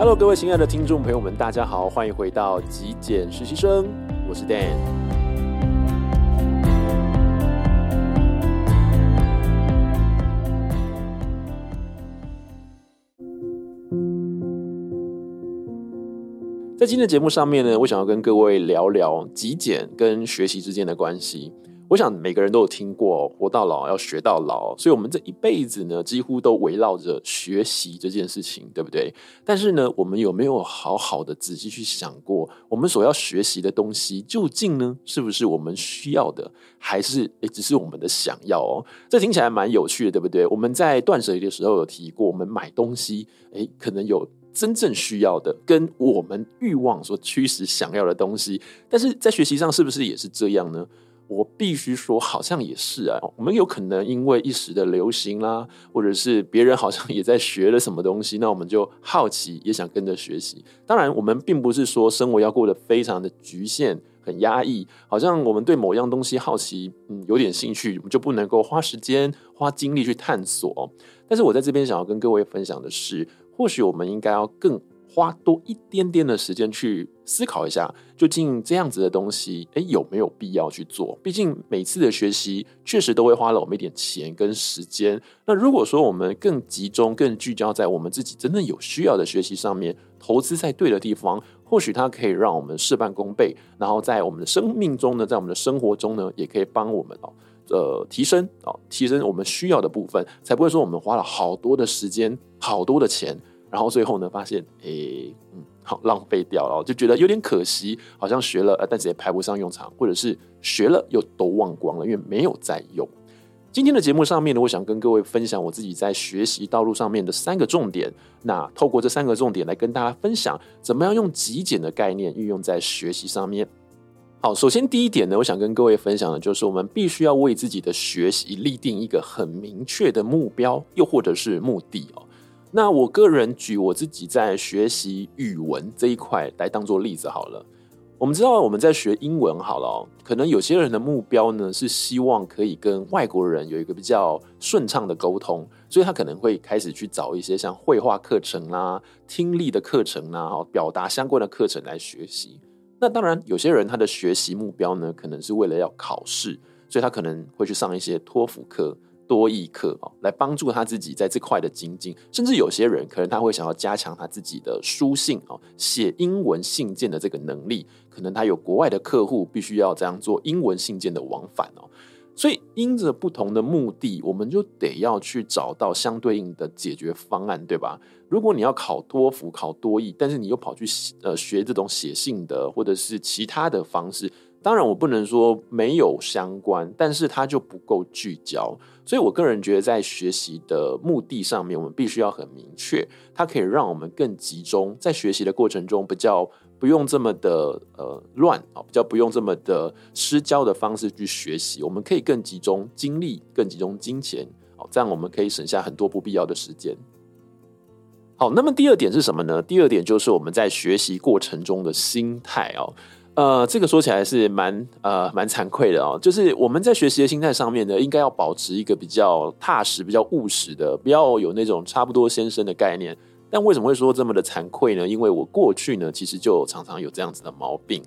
Hello，各位親愛的聽眾朋友們，大家好，歡迎回到極簡實習生，我是 Dan。在今天的節目上面呢，我想要跟各位聊聊極簡跟學習之間的關係。我想每個人都有聽過“活到老，要學到老”，所以我們這一輩子呢，幾乎都圍繞着學習這件事情，對不對？但是呢，我們有沒有好好的仔細去想過，我們所要學習的東西，究竟呢，是不是我們需要的，還是誒、欸，只是我們的想要，喔？哦，這聽起來蠻有趣的，對不對？我們在斷捨離的時候有提過，我們買東西，誒、欸，可能有真正需要的，跟我們慾望所驅使想要的東西，但是在學習上，是不是也是這樣呢？我必須說，好像也是啊。我們有可能因為一時的流行啦，或者是別人好像也在學了什麼東西，那我們就好奇，也想跟着學習。當然，我們並不是說生活要過得非常的局限、很壓抑。好像我們對某樣東西好奇，嗯，有點興趣，我們就不能夠花時間、花精力去探索。但是我在這邊想要跟各位分享的是，或許我們應該要更花多一點點的時間去思考一下，究竟這樣子的東西，哎，有沒有必要去做？畢竟每次的學習確實都會花了我們一點錢跟時間。那如果說我們更集中、更聚焦在我們自己真正有需要的學習上面，投資在對的地方，或許它可以讓我們事半功倍。然後在我們的生命中呢，在我們的生活中呢，也可以幫我們哦，呃，提升哦，提升我們需要的部分，才不會說我們花了好多的時間、好多的錢。然後最後呢，發現誒、欸，嗯，好浪費掉了，就覺得有點可惜，好像學了，但是也派不上用場，或者是學了又都忘光了，因為沒有在用。今天的節目上面呢，我想跟各位分享我自己在學習道路上面的三個重點。那透過這三個重點來跟大家分享，怎麼樣用極簡的概念運用在學習上面。好，首先第一點呢，我想跟各位分享的就是，我們必須要為自己的學習立定一個很明確的目標，又或者是目的哦。那我個人舉我自己在學習語文這一塊來當做例子好了。我們知道我們在學英文好了，可能有些人的目標呢是希望可以跟外國人有一個比較順暢的溝通，所以他可能會開始去找一些像會話課程啦、啊、聽力的課程啦、啊、表達相關的課程來學習。那當然，有些人他的學習目標呢可能是為了要考試，所以他可能會去上一些托福課。多益課啊，來幫助他自己在這塊的精進，甚至有些人可能他會想要加強他自己的書信啊，寫英文信件的這個能力，可能他有國外的客戶，必須要這樣做英文信件的往返哦。所以因着不同的目的，我們就得要去找到相對應的解決方案，對吧？如果你要考托福、考多益，但是你又跑去呃學這種寫信的，或者是其他的方式。當然，我不能說沒有相關，但是它就不夠聚焦，所以我個人覺得，在學習的目的上面，我們必須要很明確，它可以讓我們更集中，在學習的過程中比較不用這麼的呃亂啊、哦，比較不用這麼的失焦的方式去學習，我們可以更集中精力，更集中金錢，好、哦，這樣我們可以省下很多不必要的時間。好，那麼第二點是什麼呢？第二點就是我們在學習過程中的心態啊、哦。呃，這個說起來是蠻呃蠻慚愧的哦。就是我們在學習的心態上面呢，應該要保持一個比較踏實、比較務實的，不要有那種差不多先生的概念。但為什麼會說這麼的慚愧呢？因為我過去呢，其實就常常有這樣子的毛病。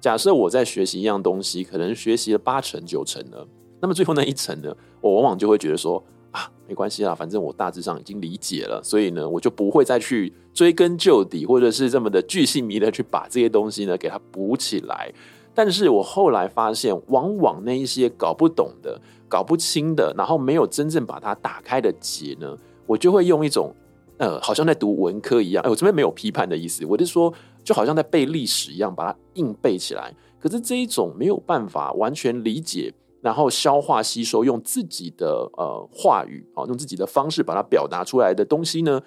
假設我在學習一樣東西，可能學習了八成九成呢，那麼最後那一成呢，我往往就會覺得說。啊，沒關係啦，反正我大致上已經理解了，所以呢，我就不會再去追根究底，或者是這麼的巨細靡的去把這些東西呢給它補起來。但是我後來發現，往往那一些搞不懂的、搞不清的，然後沒有真正把它打開的結呢，我就會用一種呃，好像在讀文科一樣。哎、欸，我這邊沒有批判的意思，我就說就好像在背歷史一樣，把它硬背起來。可是這一種沒有辦法完全理解。然後消化吸收，用自己的呃話語啊、哦，用自己的方式把它表達出來的東西呢，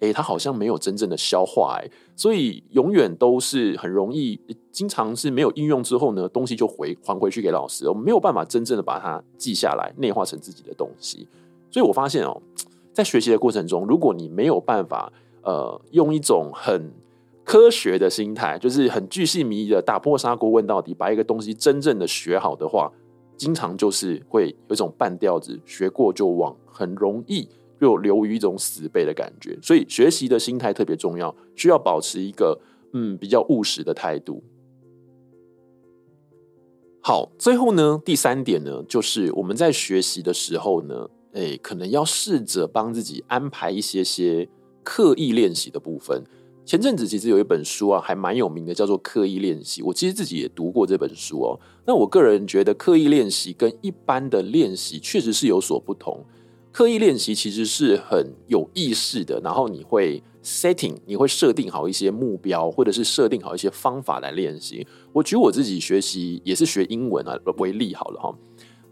誒，它好像沒有真正的消化哎、欸，所以永遠都是很容易，經常是沒有應用之後呢，東西就回還回去給老師，我、哦、們沒有辦法真正的把它記下來，內化成自己的東西。所以我發現哦，在學習的過程中，如果你沒有辦法呃用一種很科學的心態，就是很巨細靡遺的打破砂鍋問到底，把一個東西真正的學好的話。經常就是會有一種半調子，學過就忘，很容易又流於一種死背的感覺。所以學習的心態特別重要，需要保持一個嗯，比較務實的態度。好，最後呢，第三點呢，就是我們在學習的時候呢，誒，可能要試着幫自己安排一些些刻意練習的部分。前陣子其實有一本書啊，還蠻有名的，叫做《刻意練習》。我其實自己也讀過這本書哦。那我個人覺得，刻意練習跟一般的練習確實是有所不同。刻意練習其實是很有意識的，然後你會 setting，你會設定好一些目標，或者是設定好一些方法來練習。我舉我自己學習也是學英文啊為例好了哈、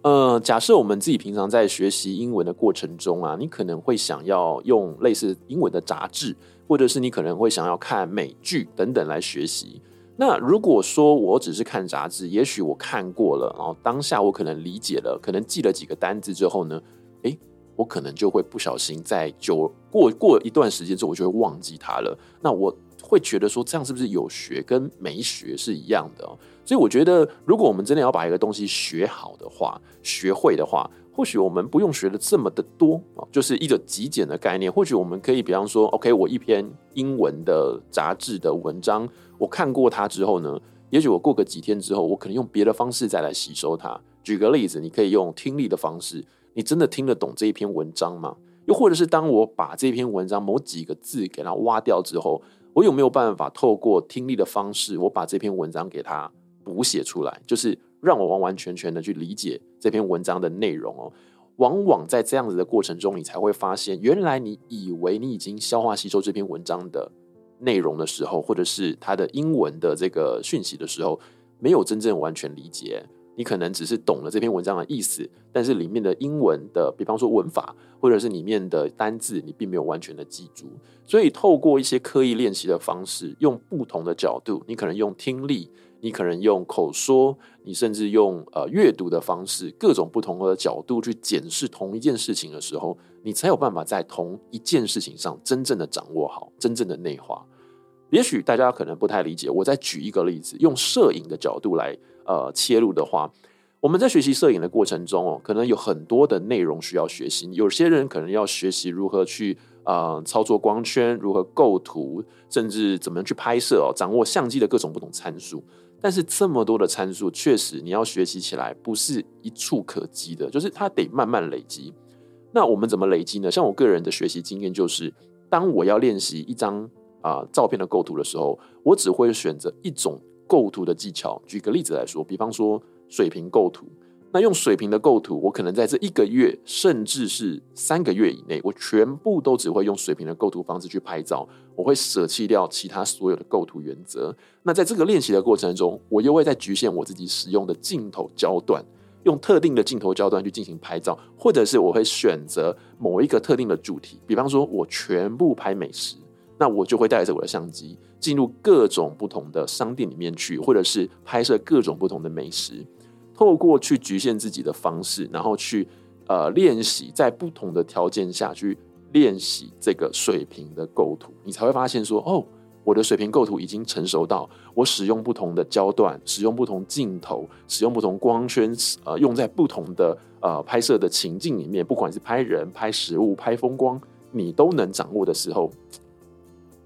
哦。呃，假設我們自己平常在學習英文的過程中啊，你可能會想要用類似英文的雜誌。或者是你可能會想要看美劇等等來學習。那如果說我只是看雜誌，也許我看過了，然後當下我可能理解了，可能記了幾個單字之後呢，誒，我可能就會不小心再久，過過一段時間之後，我就會忘記它了。那我會覺得說，這樣是不是有學跟沒學是一樣的？所以我覺得，如果我們真的要把一個東西學好的話，學會的話。或許我們不用學的這麼的多啊，就是一個極簡的概念。或許我們可以，比方說，OK，我一篇英文的雜誌的文章，我看過它之後呢，也許我過個幾天之後，我可能用別的方式再來吸收它。舉個例子，你可以用聽力的方式，你真的聽得懂這一篇文章嗎？又或者是，當我把這篇文章某幾個字給它挖掉之後，我有沒有辦法透過聽力的方式，我把這篇文章給它補寫出來，就是讓我完完全全的去理解。這篇文章的內容哦，往往在這樣子的過程中，你才會發現，原來你以為你已經消化吸收這篇文章的內容的時候，或者是它的英文的這個訊息的時候，沒有真正完全理解。你可能只是懂了這篇文章的意思，但是裡面的英文的，比方說文法或者是裡面的單字，你並沒有完全的記住。所以，透過一些刻意練習的方式，用不同的角度，你可能用聽力。你可能用口說，你甚至用呃閱讀的方式，各種不同的角度去檢視同一件事情的時候，你才有辦法在同一件事情上真正的掌握好，真正的內化。也許大家可能不太理解，我再舉一個例子，用攝影的角度來呃切入的話，我們在學習攝影的過程中哦，可能有很多的內容需要學習，有些人可能要學習如何去呃操作光圈，如何構圖，甚至怎麼去拍攝哦，掌握相機的各種不同參數。但是這麼多的參數，確實你要學習起來不是一蹴可幾的，就是它得慢慢累積。那我們怎麼累積呢？像我個人的學習經驗，就是當我要練習一張啊、呃、照片的構圖的時候，我只會選擇一種構圖的技巧。舉個例子來說，比方說水平構圖。那用水平的構圖，我可能在這一個月，甚至是三個月以內，我全部都只會用水平的構圖方式去拍照，我會捨棄掉其他所有的構圖原則。那在這個練習的過程中，我又會在局限我自己使用的鏡頭焦段，用特定的鏡頭焦段去進行拍照，或者是我會選擇某一個特定的主題，比方說我全部拍美食，那我就會帶着我的相機進入各種不同的商店裡面去，或者是拍攝各種不同的美食。透過去局限自己的方式，然後去呃練習，在不同的條件下去練習這個水平的構圖，你才會發現說哦，我的水平構圖已經成熟到我使用不同的焦段，使用不同鏡頭，使用不同光圈，呃，用在不同的呃拍攝的情境裡面，不管是拍人、拍食物、拍風光，你都能掌握的時候，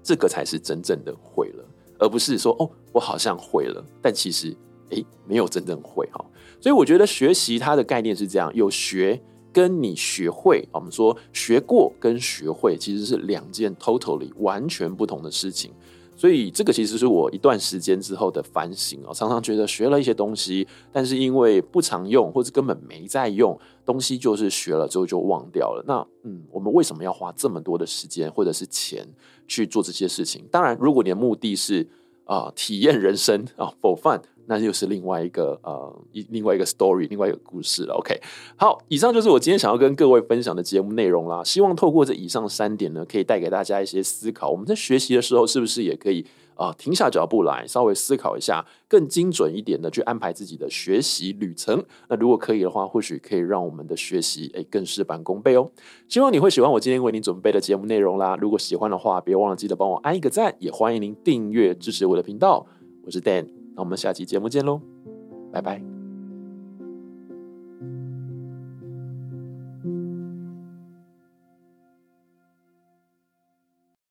這個才是真正的會了，而不是說哦，我好像會了，但其實。誒，沒有真正會哈、哦，所以我覺得學習它的概念是這樣：有學跟你學會，我們說學過跟學會其實是兩件 totally 完全不同的事情。所以這個其實是我一段時間之後的反省啊、哦，常常覺得學了一些東西，但是因為不常用或是根本沒在用，東西就是學了之後就忘掉了。那嗯，我們為什麼要花這麼多的時間或者是錢去做這些事情？當然，如果你的目的是啊、呃、體驗人生啊，for fun 那又是另外一個呃一另外一個 story 另外一個故事了。OK，好，以上就是我今天想要跟各位分享的節目內容啦。希望透過這以上三點呢，可以帶給大家一些思考。我們在學習的時候，是不是也可以啊、呃、停下腳步來，稍微思考一下，更精準一點的去安排自己的學習旅程？那如果可以的話，或許可以讓我們的學習誒、欸、更事半功倍哦、喔。希望你會喜歡我今天為你準備的節目內容啦。如果喜歡的話，別忘了記得幫我按一個讚，也歡迎您訂閱支持我的頻道。我是 Dan。那我們下期節目見嘍，拜拜。